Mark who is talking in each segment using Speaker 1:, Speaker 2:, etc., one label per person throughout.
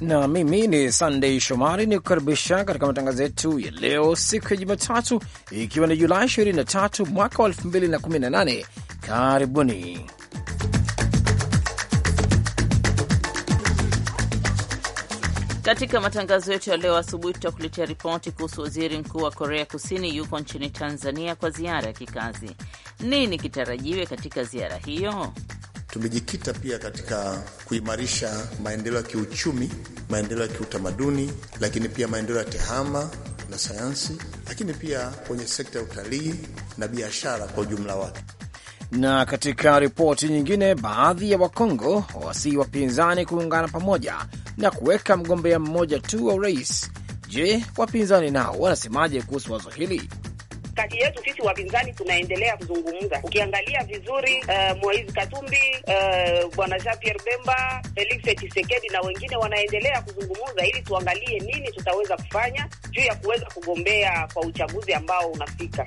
Speaker 1: na mimi ni sandey Shomari ni kukaribisha katika matangazo yetu ya leo, siku ya Jumatatu, ikiwa ni Julai 23 mwaka wa 2018. Karibuni katika
Speaker 2: matangazo yetu ya leo asubuhi. Tutakuletea ripoti kuhusu waziri mkuu wa Korea Kusini yuko nchini Tanzania kwa ziara ya kikazi. Nini kitarajiwe katika ziara hiyo?
Speaker 3: tumejikita pia katika kuimarisha maendeleo ya kiuchumi, maendeleo ya kiutamaduni, lakini pia maendeleo ya tehama na sayansi, lakini pia kwenye sekta ya utalii na biashara kwa ujumla wake. Na katika ripoti nyingine, baadhi
Speaker 1: ya Wakongo wawasihi wapinzani kuungana pamoja na kuweka mgombea mmoja tu wa urais. Je, wapinzani nao wanasemaje kuhusu wazo hili?
Speaker 4: kati yetu
Speaker 2: sisi wapinzani tunaendelea kuzungumza. Ukiangalia vizuri, uh, Moise Katumbi, uh, bwana Jean Pierre Bemba, Felix Tshisekedi na wengine wanaendelea kuzungumza ili tuangalie nini tutaweza kufanya juu ya kuweza kugombea kwa uchaguzi ambao unafika.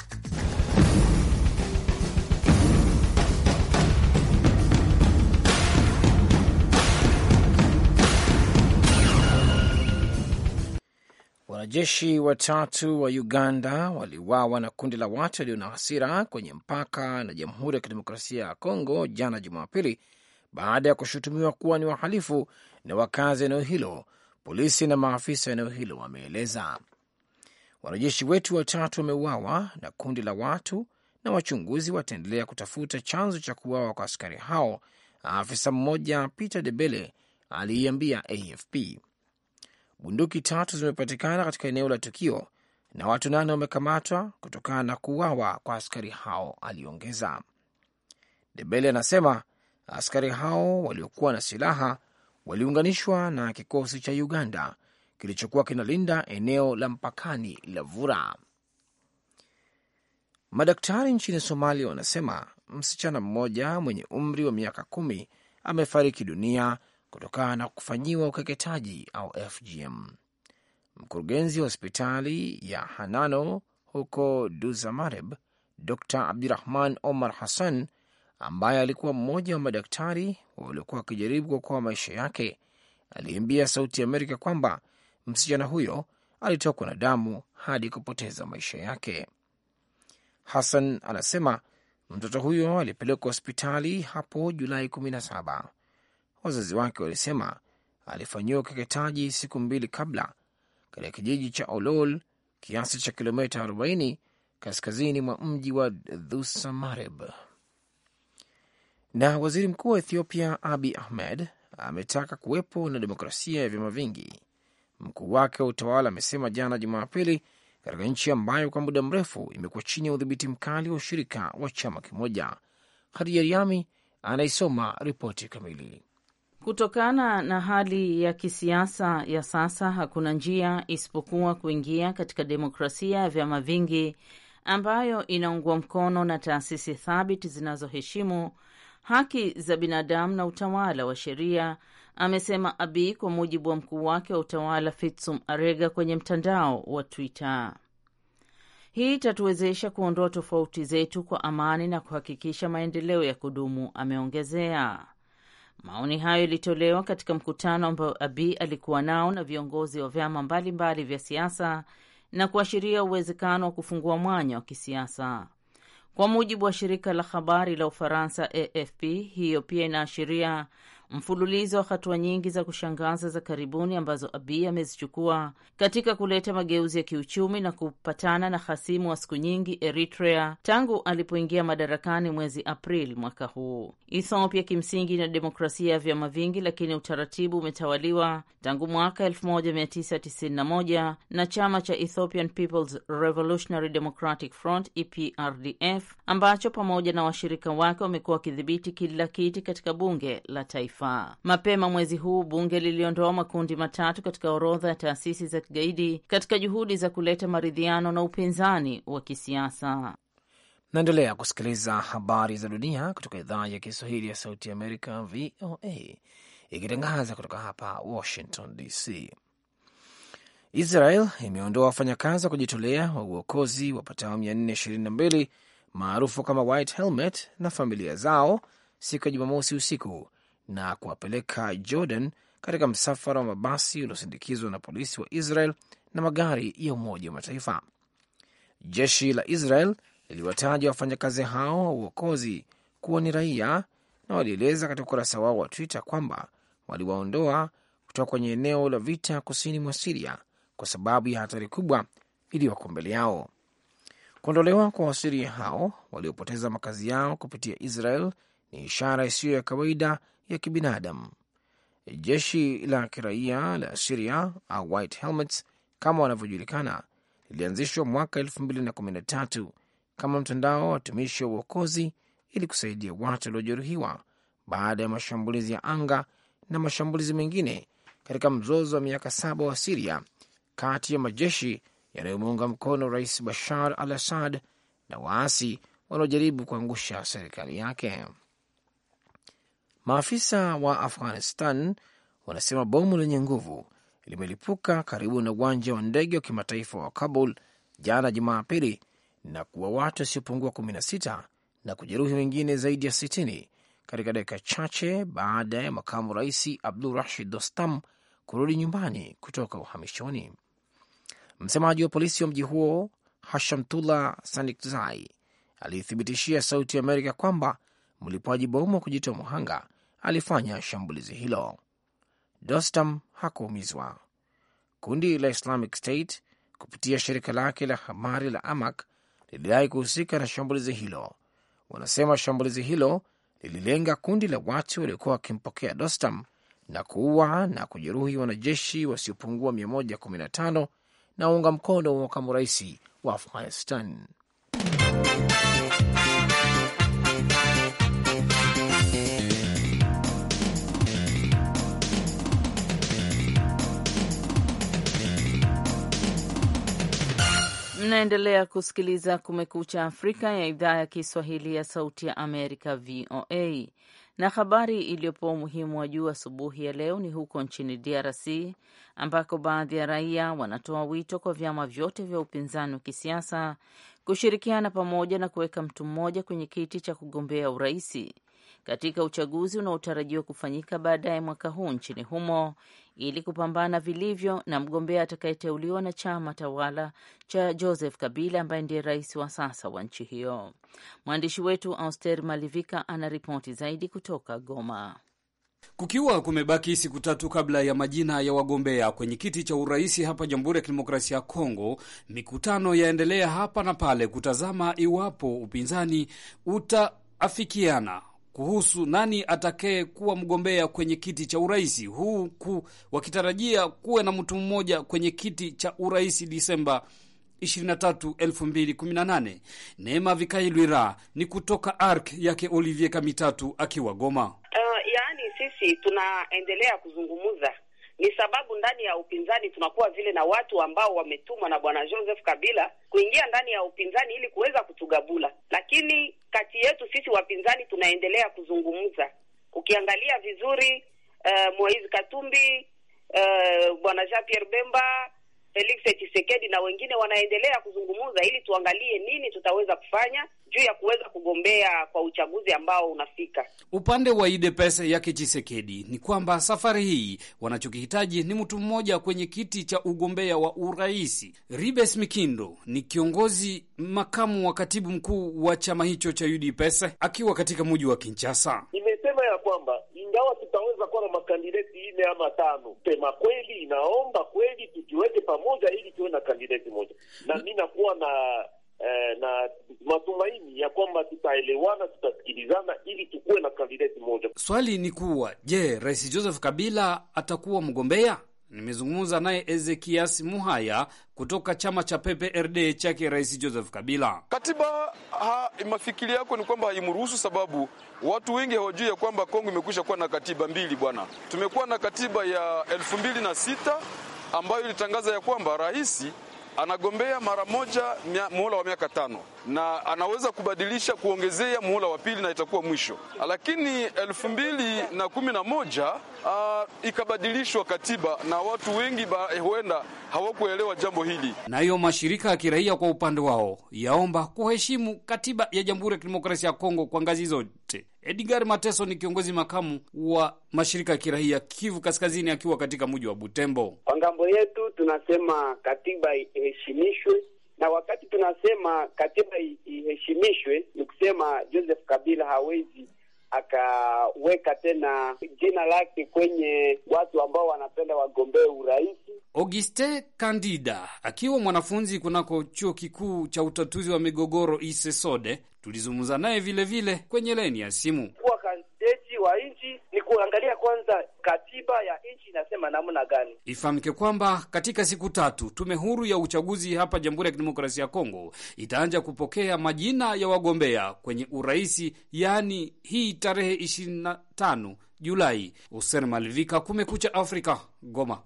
Speaker 1: Wanajeshi watatu wa Uganda waliuawa na kundi la watu walio na hasira kwenye mpaka na Jamhuri ya Kidemokrasia ya Kongo jana Jumapili, baada ya kushutumiwa kuwa ni wahalifu na wakazi eneo hilo, polisi na maafisa wa eneo hilo wameeleza. Wanajeshi wetu watatu wameuawa na kundi la watu na wachunguzi wataendelea kutafuta chanzo cha kuuawa kwa askari hao, afisa mmoja Peter Debele aliiambia AFP. Bunduki tatu zimepatikana katika eneo la tukio na watu nane wamekamatwa kutokana na kuuawa kwa askari hao, aliongeza. Debele anasema askari hao waliokuwa na silaha waliunganishwa na kikosi cha Uganda kilichokuwa kinalinda eneo la mpakani la Vura. Madaktari nchini Somalia wanasema msichana mmoja mwenye umri wa miaka kumi amefariki dunia kutokana na kufanyiwa ukeketaji au FGM. Mkurugenzi wa hospitali ya Hanano huko Duzamareb, Dr Abdurahman Omar Hassan, ambaye alikuwa mmoja wa madaktari waliokuwa wakijaribu kuokoa maisha yake, aliambia Sauti ya Amerika kwamba msichana huyo alitokwa na damu hadi kupoteza maisha yake. Hassan anasema mtoto huyo alipelekwa hospitali hapo Julai 17 wazazi wake walisema alifanyiwa ukeketaji siku mbili kabla katika kijiji cha Olol, kiasi cha kilomita 40 kaskazini mwa mji wa Dhusamareb. Na waziri mkuu wa Ethiopia Abi Ahmed ametaka kuwepo na demokrasia ya vyama vingi. Mkuu wake wa utawala amesema jana Jumapili katika nchi ambayo kwa muda mrefu imekuwa chini ya udhibiti mkali wa ushirika wa chama kimoja. Hadija Riami anaisoma ripoti kamili.
Speaker 2: Kutokana na hali ya kisiasa ya sasa, hakuna njia isipokuwa kuingia katika demokrasia ya vyama vingi ambayo inaungwa mkono na taasisi thabiti zinazoheshimu haki za binadamu na utawala wa sheria, amesema abi kwa mujibu wa mkuu wake wa utawala Fitsum Arega kwenye mtandao wa Twitter. Hii itatuwezesha kuondoa tofauti zetu kwa amani na kuhakikisha maendeleo ya kudumu, ameongezea. Maoni hayo yalitolewa katika mkutano ambao Abiy alikuwa nao na viongozi wa vyama mbalimbali mbali vya siasa na kuashiria uwezekano wa kufungua mwanya wa kisiasa. Kwa mujibu wa shirika la habari la Ufaransa AFP, hiyo pia inaashiria mfululizo wa hatua nyingi za kushangaza za karibuni ambazo Abiy amezichukua katika kuleta mageuzi ya kiuchumi na kupatana na hasimu wa siku nyingi Eritrea tangu alipoingia madarakani mwezi Aprili mwaka huu. Ethiopia kimsingi ina demokrasia ya vyama vingi, lakini utaratibu umetawaliwa tangu mwaka 1991 na chama cha Ethiopian People's Revolutionary Democratic Front EPRDF ambacho pamoja na washirika wake wamekuwa wakidhibiti kila kiti katika bunge la taifa kimataifa. Mapema mwezi huu bunge liliondoa makundi matatu katika orodha ya taasisi za kigaidi katika juhudi za kuleta maridhiano
Speaker 1: na upinzani wa kisiasa. Naendelea kusikiliza habari za dunia kutoka idhaa ya Kiswahili ya Sauti ya Amerika, VOA, ikitangaza kutoka hapa Washington DC. Israel imeondoa wafanyakazi wa kujitolea wa uokozi wapatao 422 maarufu kama White Helmet na familia zao siku ya Jumamosi usiku na kuwapeleka Jordan katika msafara wa mabasi uliosindikizwa na polisi wa Israel na magari ya Umoja wa Mataifa. Jeshi la Israel liliwataja wafanyakazi hao wa uokozi kuwa ni raia na walieleza katika ukurasa wao wa Twitter kwamba waliwaondoa kutoka kwenye eneo la vita kusini mwa Siria kwa sababu ya hatari kubwa iliyoko mbele yao. Kuondolewa kwa Wasiria hao waliopoteza makazi yao kupitia Israel ni ishara isiyo ya kawaida ya kibinadamu. Jeshi la kiraia la Siria au White Helmets kama wanavyojulikana lilianzishwa mwaka elfu kama mtandao wa watumishi wa uokozi ili kusaidia watu waliojeruhiwa baada ya mashambulizi ya anga na mashambulizi mengine katika mzozo wa miaka saba wa Siria kati ya majeshi yanayomuunga mkono Rais Bashar al Assad na waasi wanaojaribu kuangusha serikali yake. Maafisa wa Afghanistan wanasema bomu lenye nguvu limelipuka karibu na uwanja wa ndege wa kimataifa wa Kabul jana Jumapili na kuwa watu wasiopungua 16 na kujeruhi wengine zaidi ya 60 katika dakika chache baada ya makamu rais Abdul Rashid Dostam kurudi nyumbani kutoka uhamishoni. Msemaji wa polisi wa mji huo Hashamtullah Sanikzai alithibitishia Sauti Amerika kwamba mlipuaji bomu wa kujitoa muhanga alifanya shambulizi hilo. dostam hakuumizwa. Kundi la Islamic State kupitia shirika lake la habari la Amak lilidai kuhusika na shambulizi hilo. Wanasema shambulizi hilo lililenga kundi la watu waliokuwa wakimpokea dostam na kuua na kujeruhi wanajeshi wasiopungua 115 na waunga mkono wa makamu rais wa Afghanistan.
Speaker 2: Mnaendelea kusikiliza Kumekucha Afrika ya idhaa ya Kiswahili ya Sauti ya Amerika, VOA. Na habari iliyopewa umuhimu wa juu asubuhi ya leo ni huko nchini DRC ambako baadhi ya raia wanatoa wito kwa vyama vyote vya upinzani wa kisiasa kushirikiana pamoja na kuweka mtu mmoja kwenye kiti cha kugombea uraisi katika uchaguzi unaotarajiwa kufanyika baadaye mwaka huu nchini humo ili kupambana vilivyo na mgombea atakayeteuliwa na chama tawala cha Joseph Kabila ambaye ndiye rais wa sasa wa nchi hiyo. Mwandishi wetu Auster Malivika ana ripoti zaidi kutoka Goma.
Speaker 5: Kukiwa kumebaki siku tatu kabla ya majina ya wagombea kwenye kiti cha uraisi hapa Jamhuri ya Kidemokrasia ya Kongo, mikutano yaendelea hapa na pale kutazama iwapo upinzani utaafikiana kuhusu nani atakaye kuwa mgombea kwenye kiti cha urais, huku wakitarajia kuwe na mtu mmoja kwenye kiti cha urais Disemba 23, 2018. Neema Vikai Lwira ni kutoka ARC yake Olivier Kamitatu akiwa Goma.
Speaker 2: Uh, yaani sisi tunaendelea kuzungumza ni sababu ndani ya upinzani tunakuwa vile na watu ambao wametumwa na bwana Joseph Kabila kuingia ndani ya upinzani ili kuweza kutugabula, lakini kati yetu sisi wapinzani tunaendelea kuzungumza. Ukiangalia vizuri, uh, Moise Katumbi, uh, bwana Jean Pierre Bemba Felix Tshisekedi na wengine wanaendelea kuzungumza ili tuangalie nini tutaweza kufanya juu ya kuweza kugombea kwa uchaguzi ambao
Speaker 5: unafika. Upande wa UDPS yake Chisekedi ni kwamba safari hii wanachokihitaji ni mtu mmoja kwenye kiti cha ugombea wa uraisi. Ribes Mikindo ni kiongozi makamu wa katibu mkuu wa chama hicho cha UDPS akiwa katika muji wa Kinshasa.
Speaker 3: imesema ya kwamba ingawa tutaweza kuwa na makandideti ine ama tano, sema kweli inaomba kweli tujiweke pamoja ili tuwe na kandideti moja, na mi nakuwa na eh, na matumaini ya kwamba tutaelewana, tutasikilizana ili tukuwe na
Speaker 5: kandidati moja. Swali ni kuwa je, Rais Joseph Kabila atakuwa mgombea? Nimezungumza naye Ezekias Muhaya kutoka chama cha PPRD chake Rais Joseph Kabila. Katiba
Speaker 6: mafikiri yako ni kwamba haimruhusu, sababu watu wengi hawajui ya kwamba Kongo imekwisha kuwa na katiba mbili. Bwana, tumekuwa na katiba ya elfu mbili na sita ambayo ilitangaza ya kwamba rais anagombea mara moja muhula wa miaka tano na anaweza kubadilisha kuongezea muhula wa pili na itakuwa mwisho. Lakini elfu mbili na kumi na moja uh, ikabadilishwa katiba na watu wengi eh, huenda hawakuelewa jambo hili.
Speaker 5: hiyo mashirika ya kiraia kwa upande wao yaomba kuheshimu katiba ya Jamhuri ya Kidemokrasia ya Kongo kwa ngazi zote. Edgar Mateso ni kiongozi makamu wa mashirika ya kirahia Kivu Kaskazini, akiwa katika mji wa Butembo. Kwa ngambo yetu tunasema katiba iheshimishwe, na wakati tunasema katiba iheshimishwe ni kusema Joseph Kabila hawezi akaweka tena jina lake kwenye watu ambao wanapenda wagombee urais. Auguste Kandida akiwa mwanafunzi kunako chuo kikuu cha utatuzi wa migogoro ISESODE, tulizungumza naye vilevile kwenye laini ya simu
Speaker 3: kwa jeshi wa nchi ni kuangalia kwanza katiba ya nchi inasema
Speaker 5: namna gani. Ifahamike kwamba katika siku tatu tume huru ya uchaguzi hapa Jamhuri ya Kidemokrasia ya Kongo itaanza kupokea majina ya wagombea kwenye uraisi, yaani hii tarehe ishirini na tano Julai. Usen Malivika, Kumekucha Afrika, Goma.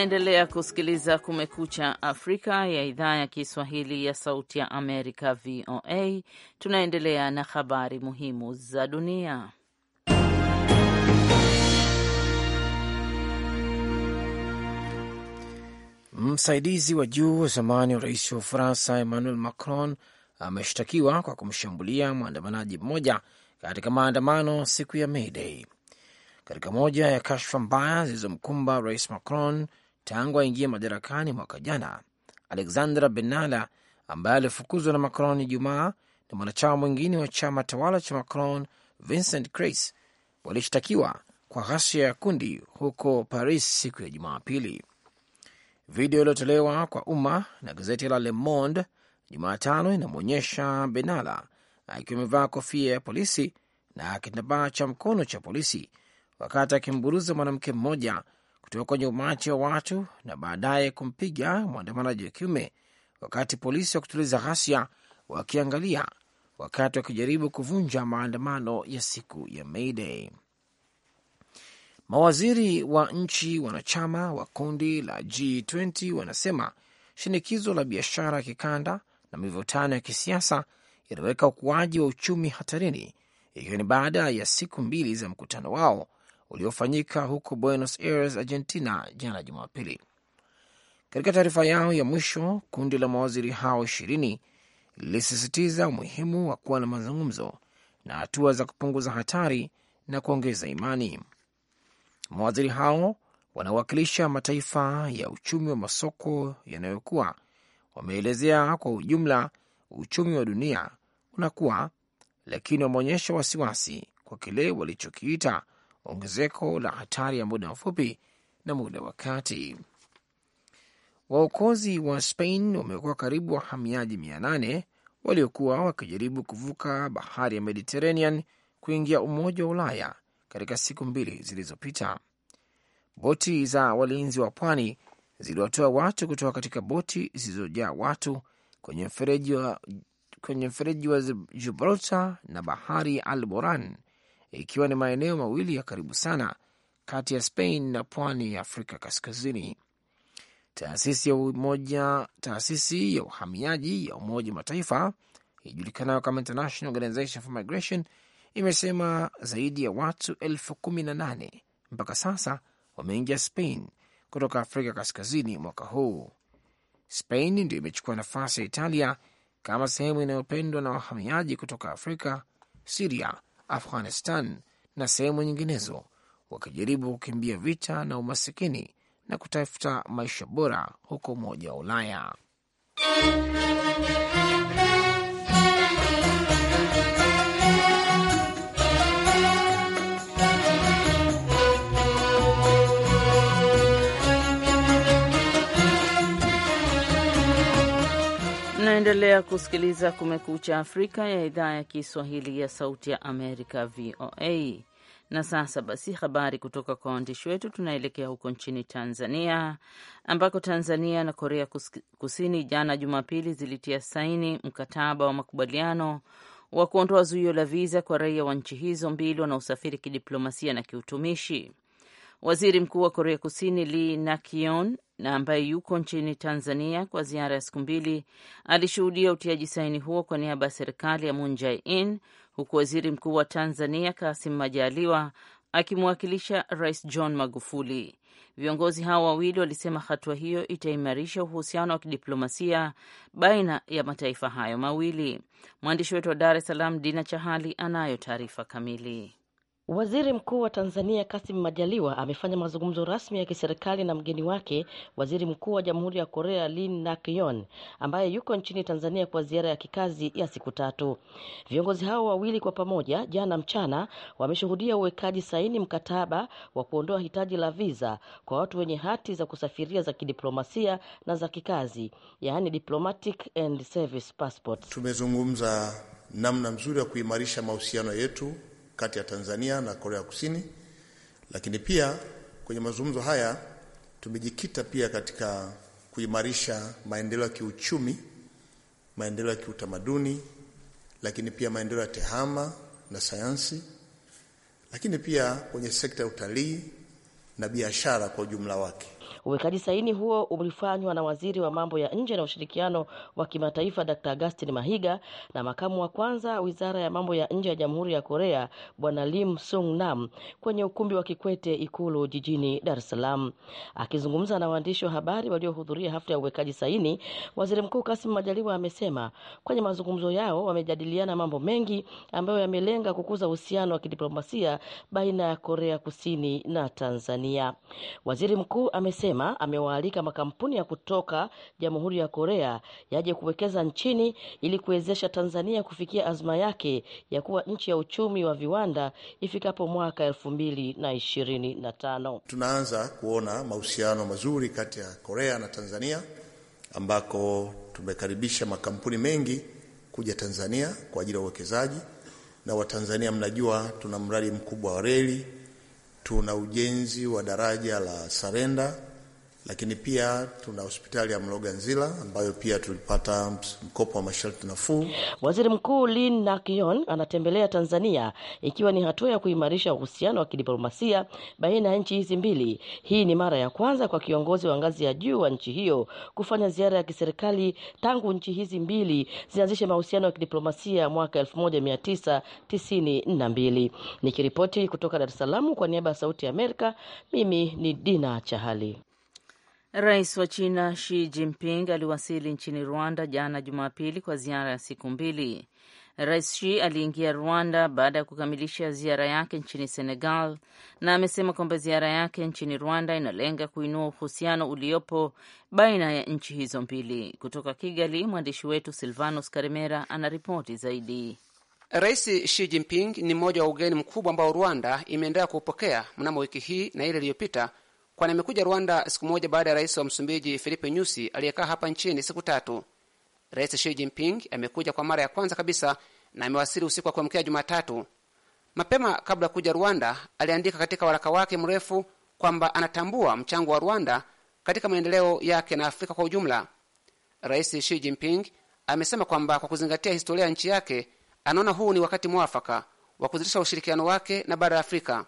Speaker 2: Unaendelea kusikiliza Kumekucha Afrika ya idhaa ya Kiswahili ya Sauti ya Amerika, VOA. Tunaendelea na habari muhimu za dunia.
Speaker 1: Msaidizi wa juu wa zamani wa rais wa Ufaransa Emmanuel Macron ameshtakiwa kwa kumshambulia mwandamanaji mmoja katika maandamano siku ya May Day. Katika moja ya kashfa mbaya zilizomkumba rais Macron tangu aingie madarakani mwaka jana. Alexandra Benalla ambaye alifukuzwa na Macron Ijumaa na mwanachama mwingine wa chama tawala cha Macron Vincent Crace walishtakiwa kwa ghasia ya kundi huko Paris siku ya Jumapili. Video iliyotolewa kwa umma na gazeti la Le Monde Jumatano inamwonyesha Benalla akiwa amevaa kofia ya polisi na kitambaa cha mkono cha polisi wakati akimburuza mwanamke mmoja kutoka kwenye umati wa watu na baadaye kumpiga mwandamanaji wa kiume, wakati polisi wa kutuliza ghasia wakiangalia wakati wakijaribu kuvunja maandamano ya siku ya May Day. Mawaziri wa nchi wanachama wa kundi la G20 wanasema shinikizo la biashara ya kikanda na mivutano ya kisiasa inaweka ukuaji wa uchumi hatarini, ikiwa ni baada ya siku mbili za mkutano wao uliofanyika huko Buenos Aires, Argentina jana Jumapili. Katika taarifa yao ya mwisho, kundi la mawaziri hao ishirini lilisisitiza umuhimu wa kuwa na mazungumzo na hatua za kupunguza hatari na kuongeza imani. Mawaziri hao wanaowakilisha mataifa ya uchumi wa masoko yanayokuwa wameelezea kwa ujumla uchumi wa dunia unakuwa, lakini wameonyesha wasiwasi kwa kile walichokiita ongezeko la hatari ya muda mfupi na muda wa kati. Waokozi wa Spain wamekuwa karibu wahamiaji mia nane waliokuwa wakijaribu kuvuka bahari ya Mediterranean kuingia Umoja wa Ulaya katika siku mbili zilizopita. Boti za walinzi wa pwani ziliwatoa watu kutoka katika boti zilizojaa watu kwenye mfereji wa Gibraltar na bahari ya Alboran ikiwa ni maeneo mawili ya karibu sana kati ya Spain na pwani ya Afrika Kaskazini. Taasisi ya umoja, taasisi ya uhamiaji ya Umoja wa Mataifa ijulikanayo kama International Organization for Migration imesema zaidi ya watu elfu kumi na nane mpaka sasa wameingia Spain kutoka Afrika Kaskazini mwaka huu. Spain ndio imechukua nafasi ya Italia kama sehemu inayopendwa na wahamiaji kutoka Afrika, Siria Afghanistan na sehemu nyinginezo, wakijaribu kukimbia vita na umasikini na kutafuta maisha bora huko Umoja wa Ulaya.
Speaker 2: Unaendelea kusikiliza Kumekucha Afrika ya idhaa ya Kiswahili ya Sauti ya Amerika, VOA. Na sasa basi, habari kutoka kwa waandishi wetu. Tunaelekea huko nchini Tanzania, ambako Tanzania na Korea Kusini jana Jumapili zilitia saini mkataba wa makubaliano wa kuondoa zuio la viza kwa raia wa nchi hizo mbili wanaosafiri kidiplomasia na kiutumishi. Waziri Mkuu wa Korea Kusini Lee nakion na ambaye yuko nchini Tanzania kwa ziara ya siku mbili alishuhudia utiaji saini huo kwa niaba ya serikali ya Moon Jae-in, huku waziri mkuu wa Tanzania kasim Majaliwa akimwakilisha Rais John Magufuli. Viongozi hao wawili walisema hatua hiyo itaimarisha uhusiano wa kidiplomasia baina ya mataifa hayo mawili. Mwandishi wetu wa Dar es Salaam Dina Chahali anayo taarifa kamili.
Speaker 7: Waziri Mkuu wa Tanzania Kassim Majaliwa amefanya mazungumzo rasmi ya kiserikali na mgeni wake Waziri Mkuu wa Jamhuri ya Korea Lim nak ambaye yuko nchini Tanzania kwa ziara ya kikazi ya siku tatu. Viongozi hao wawili kwa pamoja jana mchana wameshuhudia uwekaji saini mkataba wa kuondoa hitaji la viza kwa watu wenye hati za kusafiria za kidiplomasia na za kikazi, yaani diplomatic
Speaker 3: and service Tumezungumza namna mzuri ya kuimarisha mahusiano yetu kati ya Tanzania na Korea Kusini, lakini pia kwenye mazungumzo haya tumejikita pia katika kuimarisha maendeleo ya kiuchumi, maendeleo ya kiutamaduni, lakini pia maendeleo ya tehama na sayansi, lakini pia kwenye sekta ya utalii na biashara kwa ujumla wake.
Speaker 7: Uwekaji saini huo ulifanywa na waziri wa mambo ya nje na ushirikiano wa kimataifa Dr. Augustin Mahiga na makamu wa kwanza wizara ya mambo ya nje ya Jamhuri ya Korea Bwana Lim Sung Nam kwenye ukumbi wa Kikwete Ikulu jijini Dar es Salaam. Akizungumza na waandishi wa habari waliohudhuria hafla ya uwekaji saini, Waziri Mkuu Kassim Majaliwa amesema kwenye mazungumzo yao wamejadiliana mambo mengi ambayo yamelenga kukuza uhusiano wa kidiplomasia baina ya Korea Kusini na Tanzania. Waziri Mkuu amesema amesema amewaalika makampuni ya kutoka Jamhuri ya Korea yaje kuwekeza nchini ili kuwezesha Tanzania kufikia azma yake ya kuwa nchi ya uchumi wa viwanda ifikapo mwaka elfu mbili na ishirini na tano.
Speaker 3: Tunaanza kuona mahusiano mazuri kati ya Korea na Tanzania ambako tumekaribisha makampuni mengi kuja Tanzania kwa ajili ya uwekezaji na Watanzania mnajua, tuna mradi mkubwa wa reli, tuna ujenzi wa daraja la Sarenda lakini pia tuna hospitali ya Mloganzila ambayo pia tulipata mkopo wa masharti nafuu. Waziri Mkuu Lin Nakion anatembelea Tanzania
Speaker 7: ikiwa ni hatua ya kuimarisha uhusiano wa kidiplomasia baina ya nchi hizi mbili. Hii ni mara ya kwanza kwa kiongozi wa ngazi ya juu wa nchi hiyo kufanya ziara ya kiserikali tangu nchi hizi mbili zianzishe mahusiano ya kidiplomasia mwaka 1992. Nikiripoti kutoka Dar es Salaam kwa niaba ya Sauti ya Amerika, mimi ni Dina Chahali.
Speaker 2: Rais wa China Xi Jinping aliwasili nchini Rwanda jana Jumapili kwa ziara ya siku mbili. Rais Xi aliingia Rwanda baada ya kukamilisha ziara yake nchini Senegal na amesema kwamba ziara yake nchini Rwanda inalenga kuinua uhusiano uliopo baina ya nchi hizo mbili. Kutoka Kigali, mwandishi
Speaker 4: wetu Silvanos karimera anaripoti zaidi. Rais Xi Jinping ni mmoja wa ugeni mkubwa ambao Rwanda imeendelea kuupokea mnamo wiki hii na ile iliyopita kwani amekuja Rwanda siku moja baada ya rais wa Msumbiji Filipe Nyusi aliyekaa hapa nchini siku tatu. Rais Xi Jinping amekuja kwa mara ya kwanza kabisa na amewasili usiku wa kuamkia Jumatatu. Mapema kabla ya kuja Rwanda, aliandika katika waraka wake mrefu kwamba anatambua mchango wa Rwanda katika maendeleo yake na Afrika kwa ujumla. Rais Xi Jinping amesema kwamba kwa kuzingatia historia ya nchi yake, anaona huu ni wakati mwafaka wa kuzidisha ushirikiano wake na bara la Afrika.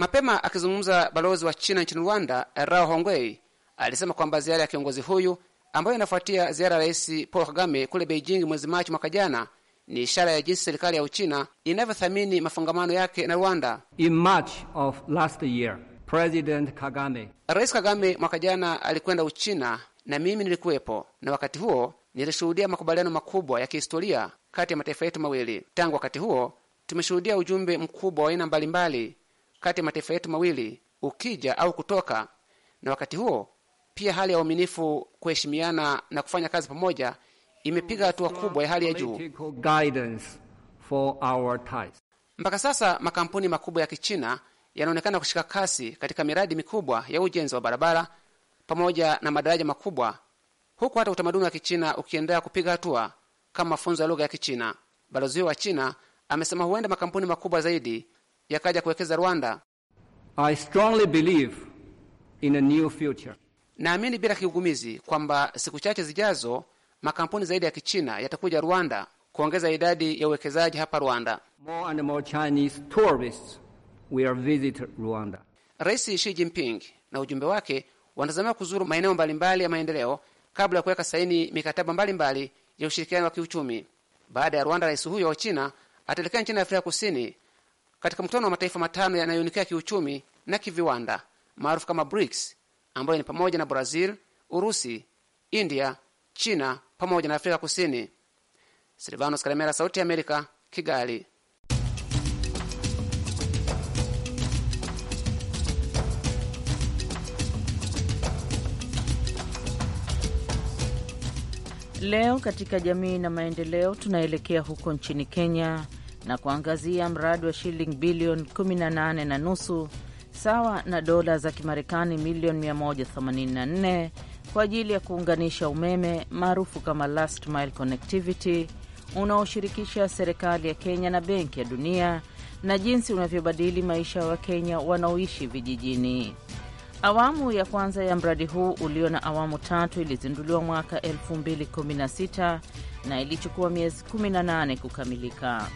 Speaker 4: Mapema akizungumza balozi wa China nchini Rwanda, Rao Hongwei alisema kwamba ziara ya kiongozi huyu ambayo inafuatia ziara ya Rais Paul Kagame kule Beijing mwezi Machi mwaka jana ni ishara ya jinsi serikali ya Uchina inavyothamini mafungamano yake na Rwanda.
Speaker 5: In March of last year, President Kagame.
Speaker 4: Rais Kagame mwaka jana alikwenda Uchina na mimi nilikuwepo, na wakati huo nilishuhudia makubaliano makubwa ya kihistoria kati ya mataifa yetu mawili. Tangu wakati huo tumeshuhudia ujumbe mkubwa wa aina mbalimbali kati ya mataifa yetu mawili ukija au kutoka, na wakati huo pia hali ya uaminifu, kuheshimiana na kufanya kazi pamoja imepiga hatua kubwa ya hali ya juu. Mpaka sasa makampuni makubwa ya Kichina yanaonekana kushika kasi katika miradi mikubwa ya ujenzi wa barabara pamoja na madaraja makubwa, huku hata utamaduni wa Kichina ukiendelea kupiga hatua kama mafunzo ya lugha ya Kichina. Balozi huyo wa China amesema huenda makampuni makubwa zaidi yakaja kuwekeza Rwanda.
Speaker 5: I strongly believe in
Speaker 4: a new future. Naamini bila kigugumizi kwamba siku chache zijazo makampuni zaidi ya Kichina yatakuja Rwanda kuongeza idadi ya uwekezaji hapa Rwanda. More and more Chinese tourists will visit Rwanda. Rais Xi Jinping na ujumbe wake wanatazamia kuzuru maeneo mbalimbali ya maendeleo kabla ya kuweka saini mikataba mbalimbali mbali ya ushirikiano wa kiuchumi. Baada ya Rwanda, rais huyo wa China ataelekea nchini Afrika Kusini katika mkutano wa mataifa matano yanayoonekea kiuchumi na kiviwanda maarufu kama BRICS, ambayo ni pamoja na Brazil, Urusi, India, China pamoja na Afrika Kusini. Silvanos Kalemera, Sauti ya Amerika, Kigali.
Speaker 2: Leo katika jamii na maendeleo tunaelekea huko nchini Kenya na kuangazia mradi wa shilingi bilioni 18 na nusu sawa na dola za Kimarekani milioni 184 kwa ajili ya kuunganisha umeme maarufu kama last mile connectivity unaoshirikisha serikali ya Kenya na Benki ya Dunia na jinsi unavyobadili maisha ya Wakenya wanaoishi vijijini. Awamu ya kwanza ya mradi huu ulio na awamu tatu ilizinduliwa mwaka 2016 na ilichukua miezi 18 kukamilika.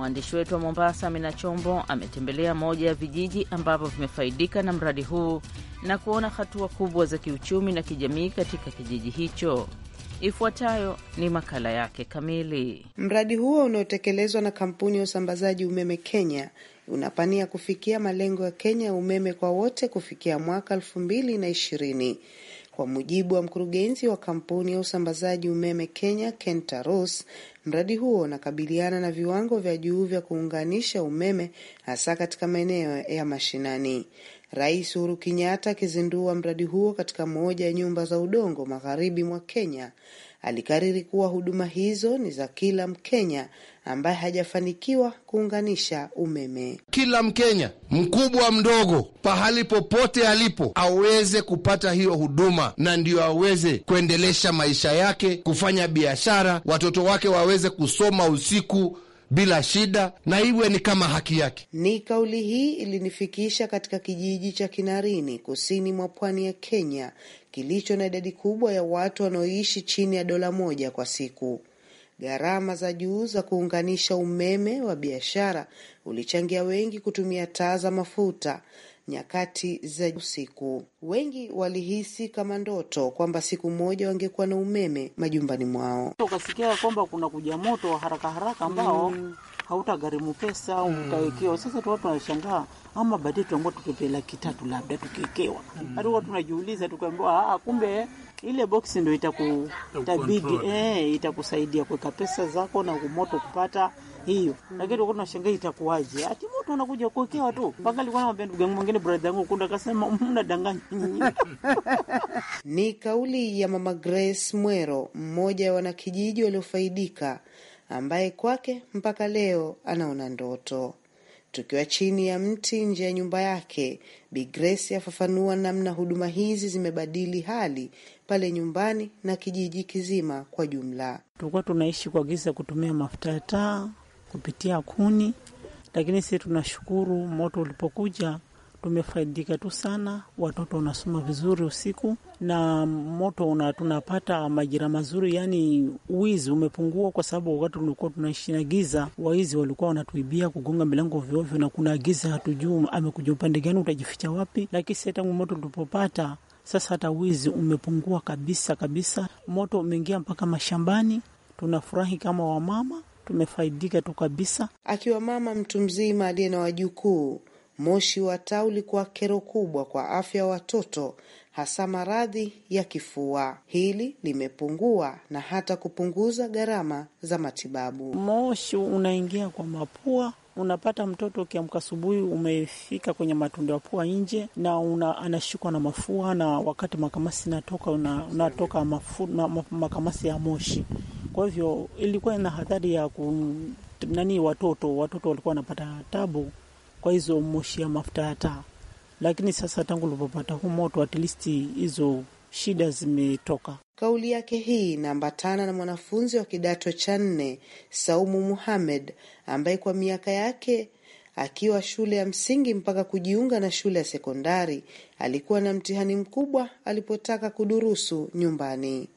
Speaker 2: Mwandishi wetu wa Mombasa, Amina Chombo, ametembelea moja ya vijiji ambavyo vimefaidika na mradi huu na kuona hatua kubwa za kiuchumi na kijamii katika kijiji hicho. Ifuatayo ni makala yake kamili.
Speaker 8: Mradi huo unaotekelezwa na kampuni ya usambazaji umeme Kenya unapania kufikia malengo ya Kenya ya umeme kwa wote kufikia mwaka elfu mbili na ishirini. Kwa mujibu wa mkurugenzi wa kampuni ya usambazaji umeme Kenya, kenta ros mradi huo unakabiliana na viwango vya juu vya kuunganisha umeme hasa katika maeneo ya mashinani. Rais Uhuru Kenyatta akizindua mradi huo katika moja ya nyumba za udongo magharibi mwa Kenya, alikariri kuwa huduma hizo ni za kila Mkenya ambaye hajafanikiwa kuunganisha umeme.
Speaker 3: Kila Mkenya mkubwa mdogo, pahali popote alipo, aweze kupata hiyo huduma, na ndiyo aweze kuendelesha maisha yake, kufanya biashara, watoto wake waweze kusoma usiku bila shida na iwe ni kama haki yake.
Speaker 8: Ni kauli hii ilinifikisha katika kijiji cha Kinarini kusini mwa pwani ya Kenya kilicho na idadi kubwa ya watu wanaoishi chini ya dola moja kwa siku. Gharama za juu za kuunganisha umeme wa biashara ulichangia wengi kutumia taa za mafuta nyakati za usiku. Wengi walihisi kama ndoto kwamba siku moja wangekuwa na umeme majumbani mwao.
Speaker 6: Ukasikia kwamba kuna kuja moto wa haraka haraka ambao mm hautagharimu pesa au mm. Ukawekewa. Sasa tu watu wanashangaa ama baadaye tuambiwa tupepe laki tatu labda tukiwekewa mm. hata Hatukuwa tunajiuliza tukaambiwa, ah, ah, kumbe ile boksi ndio itakutabidi eh. eh, itakusaidia kuweka pesa zako na kumoto kupata hiyo mm. Lakini tulikuwa tunashangaa itakuwaje, ati mtu anakuja kuwekewa tu hmm. mpaka. Alikuwa anamwambia ndugu yangu mwingine, brother yangu kunda, akasema mm, mnadanganya nyinyi.
Speaker 8: Ni kauli ya mama Grace Mwero, mmoja wa wanakijiji waliofaidika ambaye kwake mpaka leo anaona ndoto. Tukiwa chini ya mti nje ya nyumba yake, Bi Grace afafanua namna huduma hizi zimebadili hali pale nyumbani na kijiji kizima kwa jumla.
Speaker 6: Tulikuwa tunaishi kwa giza, kutumia mafuta ya taa, kupitia kuni, lakini sisi tunashukuru moto ulipokuja tumefaidika tu sana, watoto wanasoma vizuri usiku na moto una, tunapata majira mazuri, yani wizi umepungua, kwa sababu wakati tulikuwa tunaishi na giza, waizi walikuwa wanatuibia kugonga milango vyovyo, na kuna giza, hatujui um, amekuja upande gani, utajificha wapi. Lakini sasa tangu moto tulipopata sasa, hata wizi umepungua kabisa kabisa. Moto umeingia mpaka mashambani, tunafurahi kama wamama, tumefaidika tu kabisa,
Speaker 8: akiwa mama mtu mzima aliye na wajukuu Moshi wa taa ulikuwa kero kubwa kwa afya ya watoto hasa maradhi ya kifua. Hili limepungua na hata kupunguza gharama za matibabu. Moshi unaingia kwa mapua unapata mtoto
Speaker 6: ukiamka asubuhi umefika kwenye matundu ya pua nje, na una, anashikwa na mafua, na wakati makamasi natoka una, unatoka mafu, ma, ma, makamasi ya moshi. Kwa hivyo ilikuwa na hatari ya ku, nani watoto watoto walikuwa wanapata tabu kwa hizo moshi ya mafuta ya taa. Lakini sasa tangu ulipopata huu moto, at least hizo
Speaker 8: shida zimetoka. Kauli yake hii inaambatana na mwanafunzi wa kidato cha nne Saumu Muhamed ambaye kwa miaka yake akiwa shule ya msingi mpaka kujiunga na shule ya sekondari alikuwa na mtihani mkubwa alipotaka kudurusu nyumbani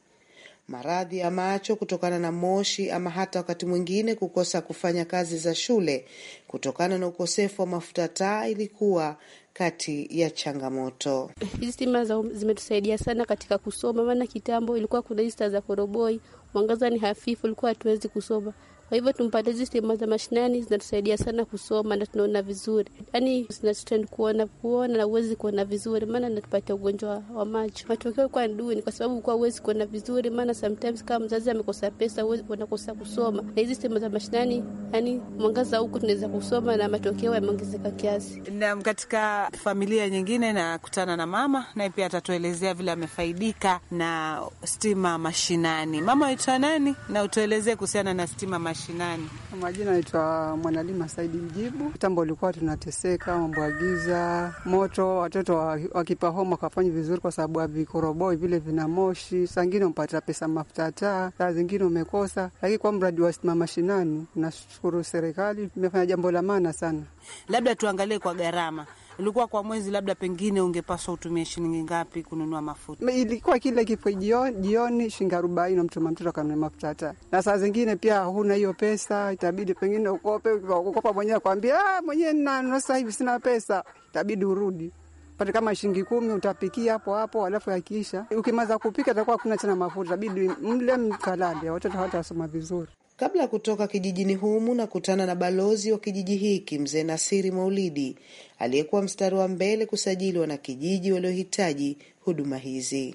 Speaker 8: maradhi ya macho kutokana na moshi, ama hata wakati mwingine kukosa kufanya kazi za shule kutokana na ukosefu wa mafuta taa ilikuwa kati ya changamoto hizi. Stima
Speaker 7: um, zimetusaidia sana katika kusoma, maana kitambo ilikuwa kuna hizi taa za koroboi, mwangaza ni hafifu, ulikuwa hatuwezi kusoma. Kwa hivyo tumpate hizi stima za mashinani, zinatusaidia sana kusoma na tunaona vizuri, yani zinatutend kuona kuona na uwezi kuona vizuri, maana natupatia ugonjwa wa macho. Matokeo kwa ndui kwa sababu kuwa uwezi kuona vizuri, maana sometimes kama mzazi amekosa pesa, uwezi kunakosa kusoma, na hizi stima za mashinani, yani mwangaza huku tunaweza kusoma na matokeo yameongezeka kiasi.
Speaker 8: Naam, katika familia nyingine nakutana na mama naye pia atatuelezea vile amefaidika na stima mashinani. Mama, waitwa nani na utuelezee kuhusiana na stima mashinani? mashinani.
Speaker 4: Majina naitwa Mwanalima Saidi Mjibu. Kitambo ulikuwa tunateseka mambo ya giza, moto, watoto wakipa homa kafanyi vizuri kwa sababu ya vikoroboi vile vina moshi. sangine umpata pesa mafuta taa, saa zingine umekosa, lakini kwa mradi wa stima mashinani, nashukuru serikali imefanya jambo la maana sana.
Speaker 8: Labda tuangalie kwa gharama Ulikuwa kwa mwezi labda pengine ungepaswa utumie shilingi ngapi
Speaker 4: kununua mafuta? Ilikuwa kile kipo jioni, jioni shilingi arobaini, namtuma mtoto akanunua mafuta. Hata na saa zingine pia huna hiyo pesa, itabidi pengine ukope. ukopa mwenyewe kwambia ah, mwenyewe nanunua sasa hivi, sina pesa, itabidi urudi pate kama shilingi kumi utapikia hapo hapo, alafu yakiisha, ukimaza kupika atakuwa hakuna tena mafuta, itabidi mle mkalale, watoto
Speaker 8: hawatasoma vizuri. Kabla ya kutoka kijijini humu na kutana na balozi wa kijiji hiki mzee Nasiri Maulidi aliyekuwa mstari wa mbele kusajili wanakijiji waliohitaji huduma hizi.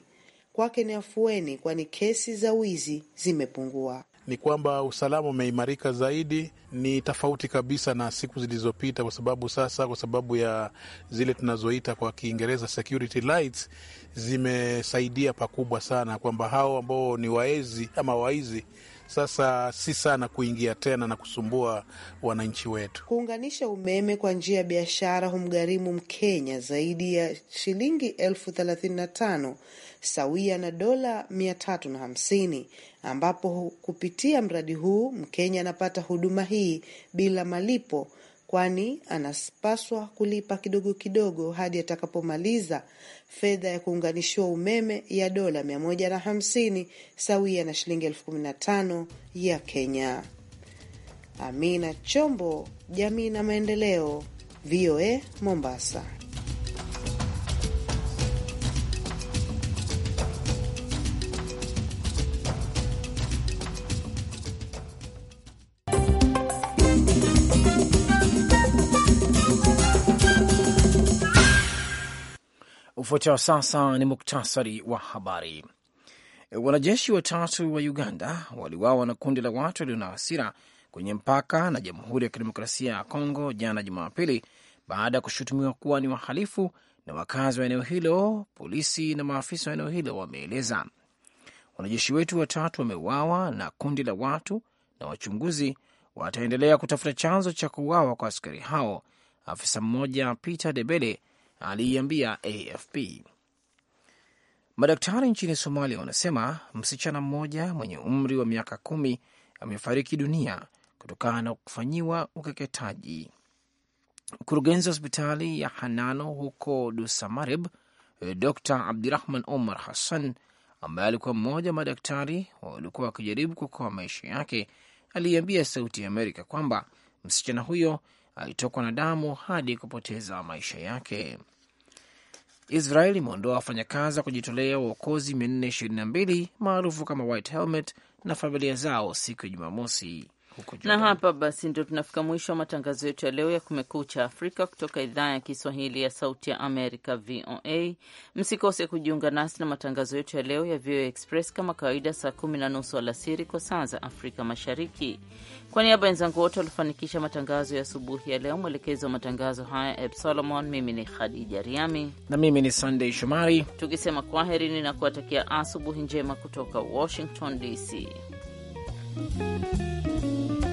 Speaker 8: Kwake ni afueni, kwani kesi za wizi zimepungua
Speaker 3: ni kwamba usalama umeimarika zaidi. Ni tofauti kabisa na siku zilizopita, kwa sababu sasa, kwa sababu ya zile tunazoita kwa Kiingereza security lights, zimesaidia pakubwa sana, kwamba hao ambao ni waezi ama waizi sasa si sana kuingia tena na kusumbua wananchi wetu.
Speaker 8: Kuunganisha umeme kwa njia ya biashara humgharimu Mkenya zaidi ya shilingi elfu thelathini na tano sawia na dola mia tatu na hamsini ambapo kupitia mradi huu Mkenya anapata huduma hii bila malipo kwani anapaswa kulipa kidogo kidogo hadi atakapomaliza fedha ya kuunganishiwa umeme ya dola 150 sawia na shilingi elfu 15 ya Kenya. Amina Chombo, Jamii na Maendeleo, VOA Mombasa.
Speaker 1: Ufuatao sasa ni muktasari wa habari. Wanajeshi watatu wa Uganda waliwawa na kundi la watu walio na hasira kwenye mpaka na Jamhuri ya Kidemokrasia ya Kongo jana Jumapili, baada ya kushutumiwa kuwa ni wahalifu na wakazi wa eneo hilo. Polisi na maafisa wa eneo hilo wameeleza wanajeshi wetu watatu wameuawa na kundi la watu, na wachunguzi wataendelea kutafuta chanzo cha kuuawa kwa askari hao, afisa mmoja Peter Debele aliiambia AFP. Madaktari nchini Somalia wanasema msichana mmoja mwenye umri wa miaka kumi amefariki dunia kutokana na kufanyiwa ukeketaji. Mkurugenzi wa hospitali ya Hanano huko Dusamareb, Dr abdurahman Omar Hassan, ambaye alikuwa mmoja wa madaktari waliokuwa wakijaribu kuokoa maisha yake, aliiambia Sauti ya Amerika kwamba msichana huyo alitokwa na damu hadi kupoteza maisha yake. Israel imeondoa wafanyakazi wa kujitolea uokozi 422 maarufu kama White Helmet na familia zao siku ya Jumamosi. Na hapa basi ndio tunafika mwisho wa matangazo yetu ya leo ya Kumekucha
Speaker 2: Afrika kutoka idhaa ya Kiswahili ya Sauti ya Amerika, VOA. Msikose kujiunga nasi na matangazo yetu ya leo ya VOA Express kama kawaida, saa kumi na nusu alasiri kwa saa za Afrika Mashariki. Kwa niaba ya wenzangu wote walifanikisha matangazo ya asubuhi ya leo, mwelekezi wa matangazo haya Eb Solomon, mimi ni Khadija Riami
Speaker 1: na mimi ni Sandey Shomari,
Speaker 2: tukisema kwaherini na kuwatakia asubuhi njema kutoka Washington DC. Thank you.